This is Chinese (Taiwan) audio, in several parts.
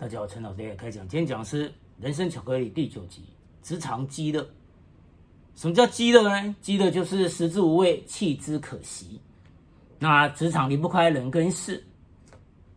大家好，陳老師也開講。今天講的是《人生巧克力》第九集：職場雞肋。什麼叫雞肋呢？雞肋就是食之無味，棄之可惜。那職場離不開人跟事，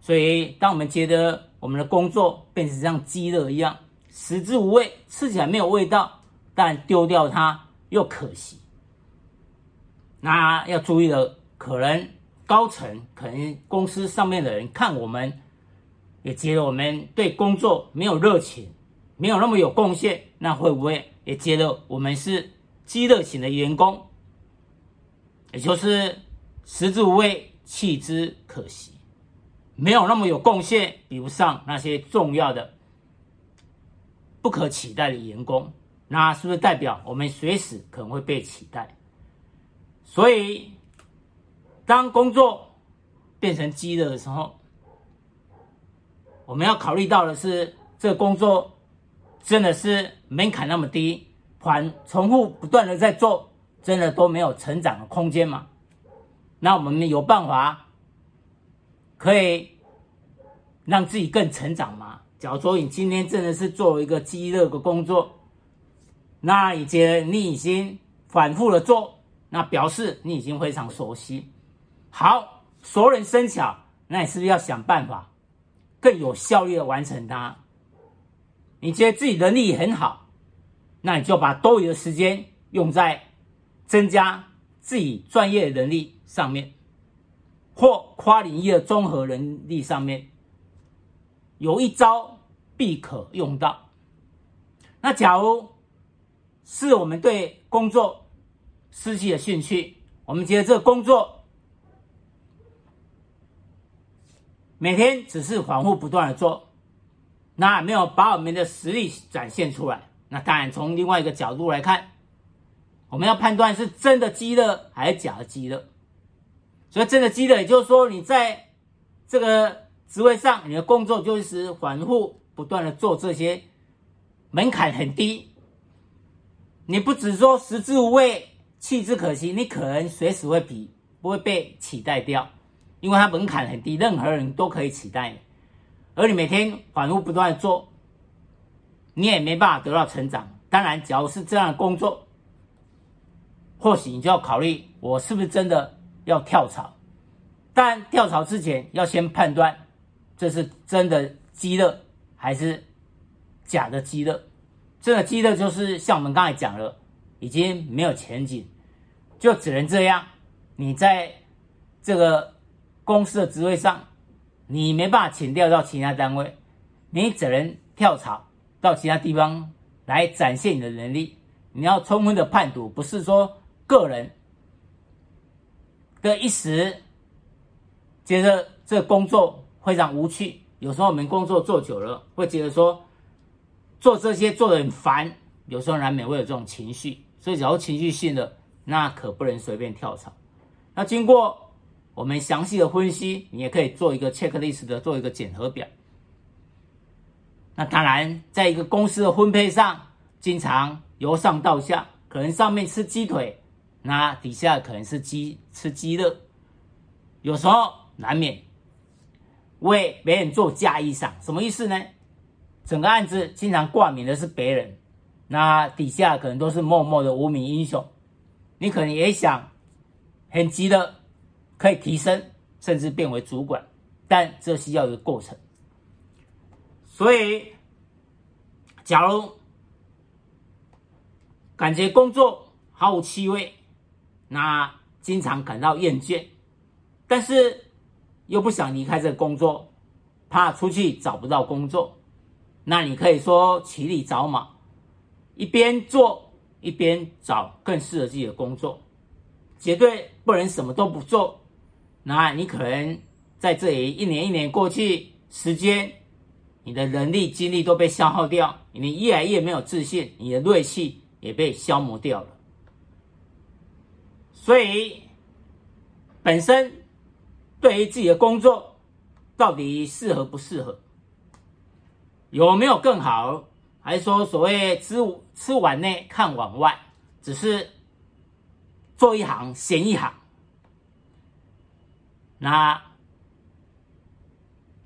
所以當我們覺得我們的工作變成像雞肋一樣，食之無味，吃起來沒有味道，但丟掉它又可惜。那要注意的，可能高層、可能公司上面的人看我們，也覺得我們對工作沒有熱情，沒有那麼有貢獻，那會不會也覺得我們是雞肋型的員工？也就是食之無味，棄之可惜，沒有那麼有貢獻，比不上那些重要的、不可取代的員工，那是不是代表我們隨時可能會被取代？所以，當工作變成雞肋的時候，我們要考慮到的是，這個、工作真的是門檻那麼低，反重複不斷的在做，真的都沒有成長的空間嗎？那我們有辦法可以讓自己更成長嗎？假如說你今天真的是做一個雞肋的工作，那已經你已經反覆的做，那表示你已經非常熟悉。好，熟能生巧，那你是不是要想辦法？更有效率的完成它。你覺得自己能力很好，那你就把多餘的時間用在增加自己專業能力上面，或跨領域的綜合能力上面，有一招必可用到。那假如是我們對工作失去的興趣，我們覺得這個工作，每天只是反覆不斷的做，那沒有把我們的實力展現出來。那當然，從另外一個角度來看，我們要判斷是真的雞肋還是假的雞肋。所以，真的雞肋，也就是說，你在這個職位上，你的工作就是反覆不斷的做這些，門檻很低。你不只說食之無味，棄之可惜，你可能隨時會比不會被取代掉。因為它門檻很低，任何人都可以取代，而你每天反覆不斷地做，你也沒辦法得到成長。當然，假如是這樣的工作，或許你就要考慮，我是不是真的要跳槽？但跳槽之前要先判斷，這是真的雞肋還是假的雞肋？真的雞肋就是像我們剛才講了，已經沒有前景，就只能這樣。你在這個。公司的職位上，你沒辦法請調到其他單位，你只能跳槽到其他地方來展現你的能力。你要充分的判讀，不是說個人的一時，覺得這工作非常無趣。有時候我們工作做久了，會覺得說做這些做得很煩，有時候難免會有這種情緒。所以，假如情緒性的，那可不能隨便跳槽。那經過。我們詳細的分析，你也可以做一個 check list 的，做一個檢核表。那當然，在一個公司的分配上，經常由上到下，可能上面吃雞腿，那底下可能是雞，吃雞肋。有時候難免為別人做嫁衣裳，什麼意思呢？整個案子經常冠名的是別人，那底下可能都是默默的無名英雄。你可能也想很雞肋。可以提升，甚至變為主管，但這需要一個過程。所以，假如感覺工作毫無趣味，那經常感到厭倦，但是又不想離開這個工作，怕出去找不到工作，那你可以說騎驢找馬，一邊做一邊找更適合自己的工作，絕對不能什麼都不做。那你可能在這裡一年一年過去，時間、你的人力精力都被消耗掉，你越來越沒有自信，你的銳氣也被消磨掉了。所以，本身對於自己的工作，到底適合不適合，有沒有更好，還是說所謂吃吃碗內看碗外，只是做一行嫌一行。那，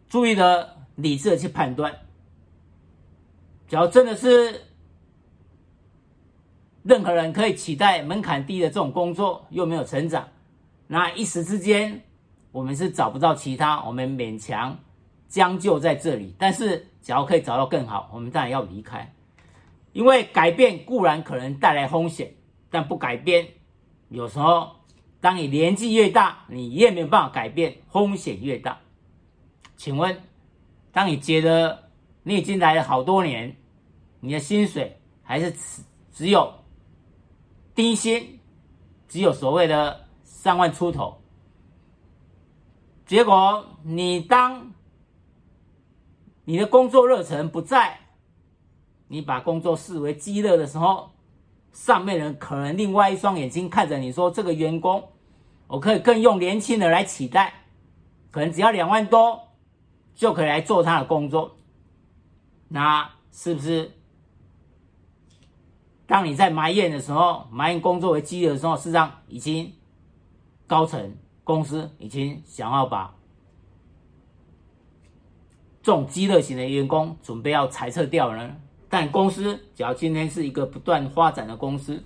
注意的、理智的去判斷。假如真的是任何人可以取代門檻低的這種工作，又沒有成長，那一時之間，我們是找不到其他，我們勉強將就在這裡。但是，假如可以找到更好，我們當然要離開。因為改變固然可能帶來風險，但不改變，有時候。當你年紀越大，你越沒有辦法改變，風險越大。請問，當你覺得你已經來了好多年，你的薪水還是只只有低薪，只有所謂的三萬出頭，結果你當你的工作熱忱不在，你把工作視為雞肋的時候，上面人可能另外一雙眼睛看着你說，這個員工。我可以更用年輕人來取代，可能只要兩萬多，就可以來做他的工作。那是不是？當你在埋怨的時候，埋怨工作為雞肋的時候，事實上已經高層公司已經想要把這種雞肋型的員工準備要裁撤掉了呢。但公司只要今天是一個不斷發展的公司。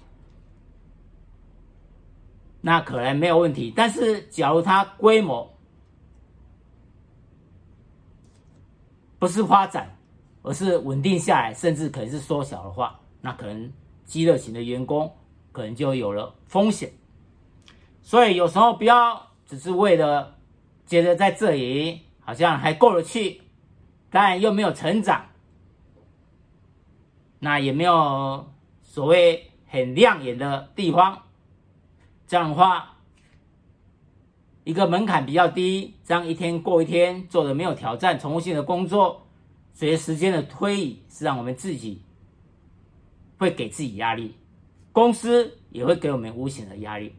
那可能沒有問題，但是假如它規模不是發展，而是穩定下來，甚至可能是縮小的話，那可能雞肋型的員工可能就有了風險。所以有時候不要只是為了覺得在這裡好像還過得去，但又沒有成長，那也沒有所謂很亮眼的地方。這樣的話，一個門檻比較低，這樣一天過一天，做的沒有挑戰重複性的工作，隨着時間的推移，是讓我們自己會給自己壓力，公司也會給我們無形的壓力。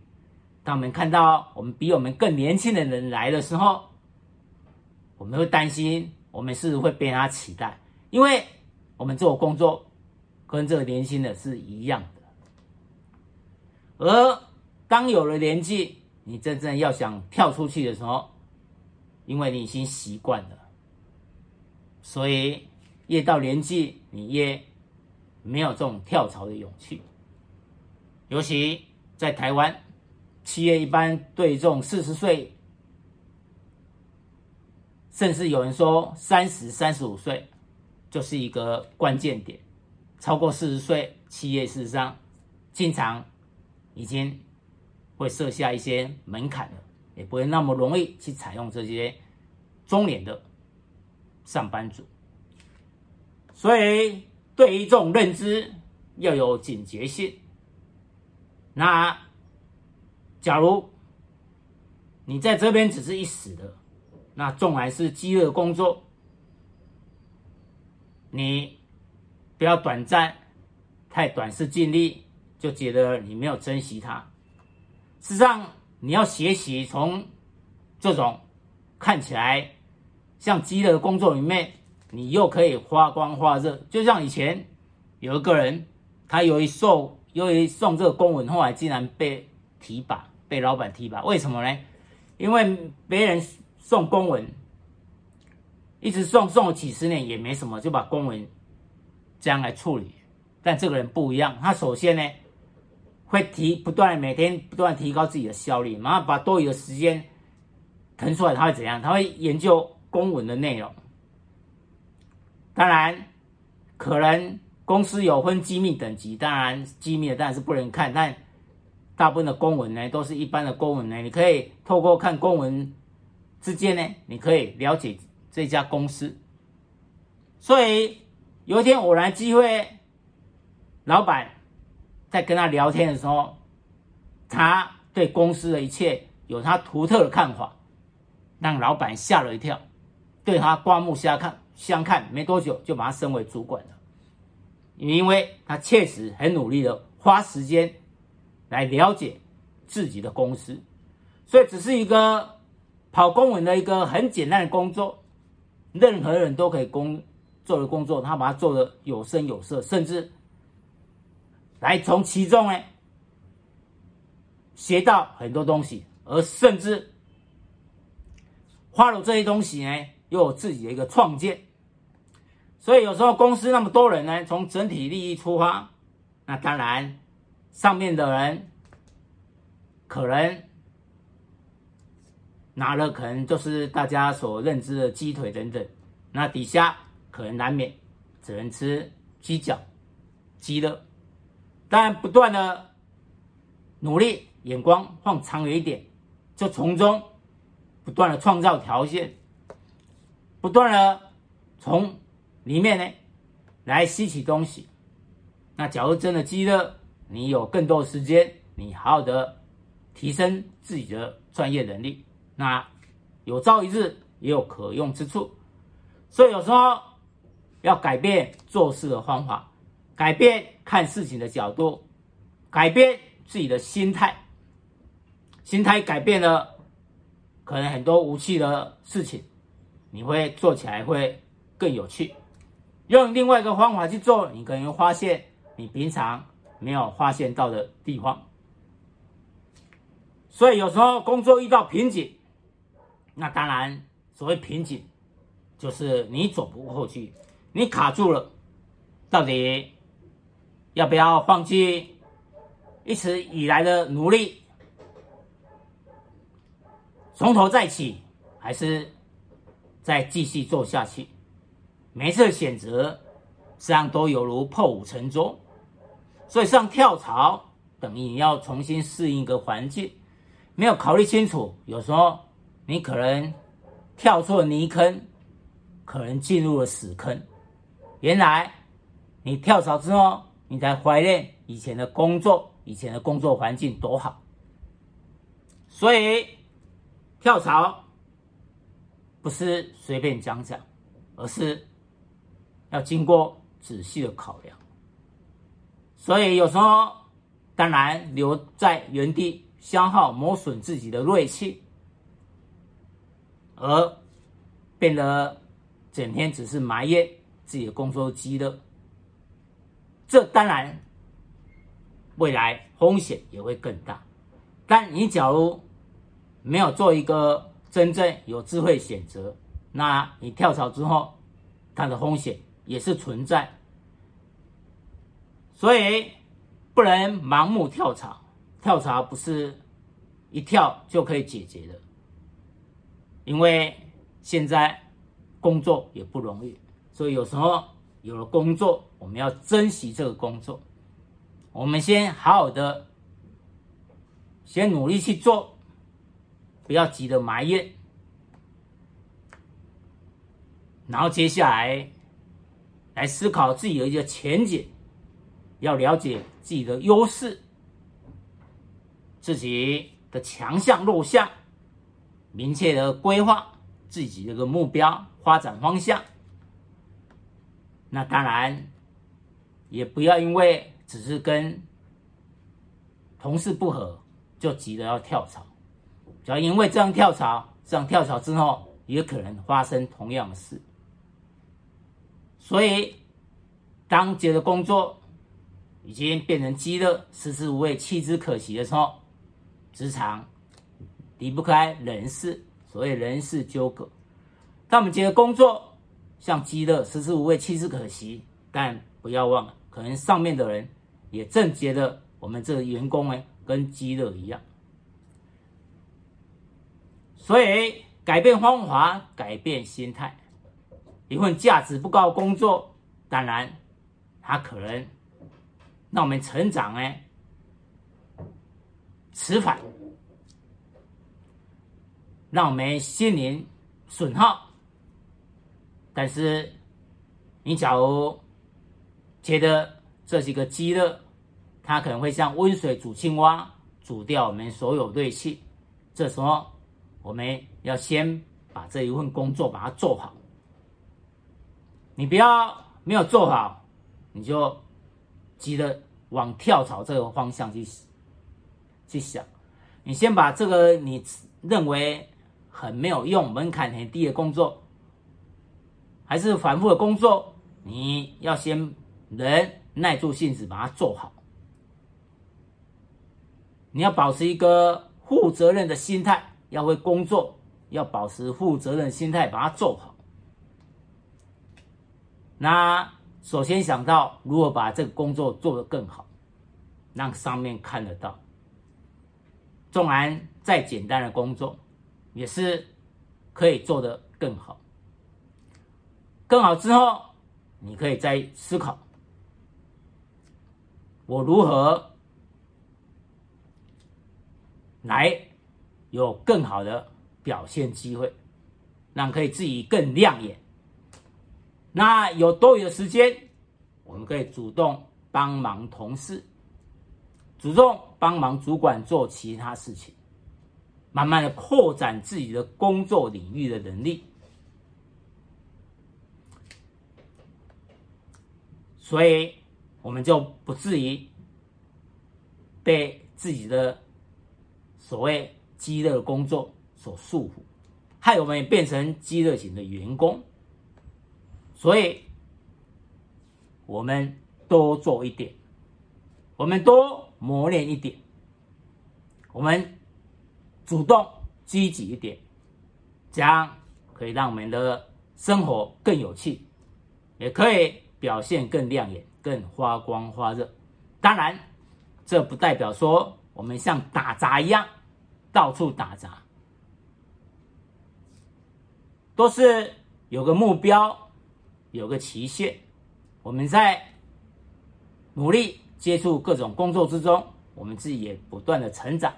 當我們看到我們比我們更年輕的人來的時候，我們會擔心我們是不是會被他取代，因為我們做的工作跟這個年輕的是一樣的，而。當有了年紀，你真正要想跳出去的時候，因為你已經習慣了，所以越到年紀，你越沒有這種跳槽的勇氣。尤其在台灣，企業一般對於這種四十歲，甚至有人說三十、三十五歲就是一個關鍵點，超過四十歲，企業事實上經常已經。會設下一些門檻的，也不會那麼容易去採用這些中年的上班族。所以，對於這種認知要有警覺性。那假如你在這邊只是一時的，那縱然是雞肋工作，你不要短暫太短視近利，就覺得你沒有珍惜它。實際上，你要學習從這種看起來像雞的工作裡面，你又可以發光發熱。就像以前有一個人，他由於送由於送這個公文，後來竟然被提拔，被老闆提拔。為什麼呢？因為別人送公文，一直送送了幾十年也沒什麼，就把公文這樣來處理。但這個人不一樣，他首先呢。會提不斷的每天不斷的提高自己的效率，然後把多餘的時間騰出來，他會怎樣？他會研究公文的內容。當然，可能公司有分機密等級，當然機密的當然是不能看，但大部分的公文呢，都是一般的公文呢。你可以透過看公文之間呢，你可以了解這家公司。所以有一天偶然機會，老闆。在跟他聊天的時候，他對公司的一切有他獨特的看法，讓老闆嚇了一跳，對他刮目相看。相看沒多久，就把他升為主管了，因為他確實很努力地花時間來了解自己的公司，所以只是一個跑公文的一個很簡單的工作，任何人都可以工作的工作，他把它做得有聲有色，甚至。來從其中呢學到很多東西，而甚至花了這些東西呢又有自己的一個創建，所以有時候公司那麼多人呢從整體利益出發，那當然上面的人可能拿了，可能就是大家所認知的雞腿等等，那底下可能難免只能吃雞腳、雞肋。當然，不斷的努力，眼光放長遠一點，就從中不斷的創造條件，不斷的從裡面呢來吸取東西。那假如真的雞肋，你有更多的時間，你好好的提升自己的專業能力，那有朝一日也有可用之處。所以有時候要改變做事的方法。改變看事情的角度，改變自己的心態。心態改變了，可能很多無趣的事情，你會做起來會更有趣。用另外一個方法去做，你可能會發現你平常沒有發現到的地方。所以有時候工作遇到瓶頸，那當然所謂瓶頸，就是你走不過去，你卡住了，到底。要不要放棄一直以來的努力，從頭再起，還是再繼續做下去？每一次的選擇實際上都猶如破釜沉舟，所以上跳槽等於你要重新適應一個環境，沒有考慮清楚，有時候你可能跳錯了泥坑，可能進入了死坑。原來你跳槽之後。你在懷念以前的工作，以前的工作環境多好。所以跳槽不是隨便講講，而是要經過仔細的考量。所以有時候，當然留在原地消耗磨損自己的銳氣，而變得整天只是埋怨自己的工作雞肋。這當然，未來風險也會更大。但你假如沒有做一個真正有智慧選擇，那你跳槽之後，它的風險也是存在。所以不能盲目跳槽，跳槽不是一跳就可以解決的。因為現在工作也不容易，所以有時候。有了工作，我們要珍惜這個工作。我們先好好的，先努力去做，不要急着埋怨。然後接下來，來思考自己的一個前景，要了解自己的優勢，自己的強項弱項，明確的規劃自己這個目標發展方向。那當然，也不要因為只是跟同事不合就急着要跳槽，只要因為這樣跳槽，這樣跳槽之後也可能發生同樣的事。所以，當覺得工作已經變成雞肋、食之無味、棄之可惜的時候，職場離不開人事，所謂人事糾葛。當我們覺得工作，像雞肋，食之無味，棄之可惜。但不要忘了，可能上面的人也正覺得我們這個員工呢，跟雞肋一樣。所以，改變方法，改變心態。一份價值不高工作，當然，它可能讓我們成長呢，遲緩，讓我們心靈損耗。但是，你假如覺得這是一個雞肋，它可能會像溫水煮青蛙，煮掉我們所有銳氣。這時候，我們要先把這一份工作把它做好。你不要沒有做好，你就急着往跳槽這個方向去去想。你先把這個你認為很沒有用、門檻很低的工作。還是反覆的工作，你要先忍耐住性子把它做好。你要保持一個負責任的心態，要為工作，要保持負責任的心態把它做好。那首先想到如何把這個工作做得更好，讓上面看得到。縱然再簡單的工作，也是可以做得更好。更好之後，你可以再思考，我如何來有更好的表現機會，讓可以自己更亮眼。那有多餘的時間，我們可以主動幫忙同事，主動幫忙主管做其他事情，慢慢的擴展自己的工作領域的能力。所以，我們就不至於被自己的所謂雞肋工作所束縛，害我們也變成雞肋型的員工。所以，我們多做一點，我們多磨練一點，我們主動積極一點，這樣可以讓我們的生活更有趣，也可以。表現更亮眼，更發光發熱。當然，這不代表說我們像打雜一樣到處打雜，都是有個目標，有個期限。我們在努力接觸各種工作之中，我們自己也不斷的成長。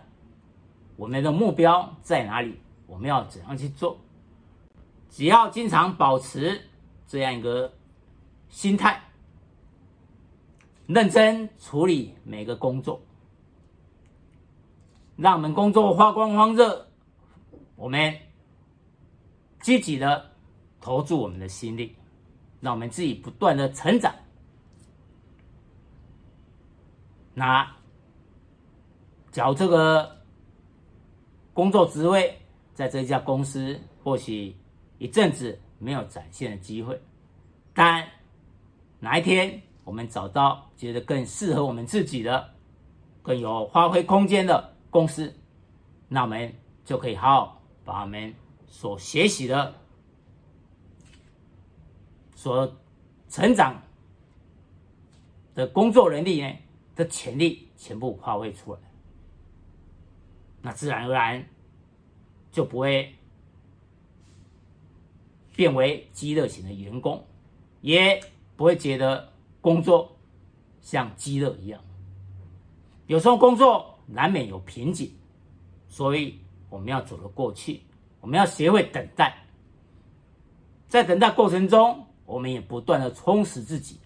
我們的目標在哪裡？我們要怎樣去做？只要經常保持這樣一個。心態認真處理每個工作，讓我們工作發光發熱。我們積極的投注我們的心力，讓我們自己不斷的成長。那，找這個工作職位，在這家公司或許一陣子沒有展現的機會，但。哪一天我們找到覺得更適合我們自己的、更有發揮空間的公司，那我們就可以好好把我們所學習的、所成長的、工作能力呢的潛力全部發揮出來，那自然而然就不會變為雞肋型的員工，也。不會覺得工作像雞肋一樣，有時候工作難免有瓶頸，所以我們要走了過去。我們要學會等待，在等待過程中，我們也不斷的充實自己。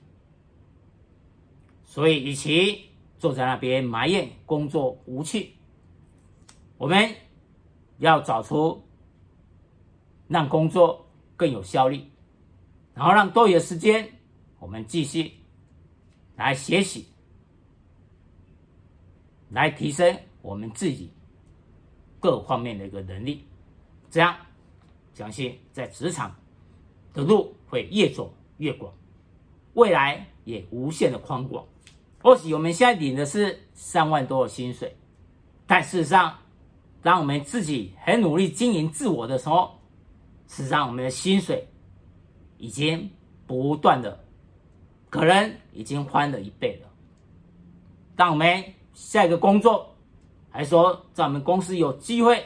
所以，與其坐在那邊埋怨工作無趣，我們要找出讓工作更有效率，然後讓多餘的時間。我們繼續來學習，來提升我們自己各方面的一個能力，這樣相信在職場的路會越走越廣，未來也無限的寬廣。或許我們現在領的是三萬多的薪水，但事實上，當我們自己很努力經營自我的時候，事實上我們的薪水已經不斷的。可能已經翻了一倍了。當我們下一個工作還說在我們公司有機會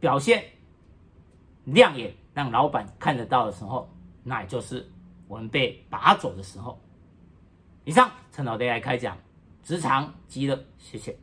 表現亮眼，讓老闆看得到的時候，那也就是我們被拔走的時候。以上，陳老爹來開講，職場雞肋，謝謝。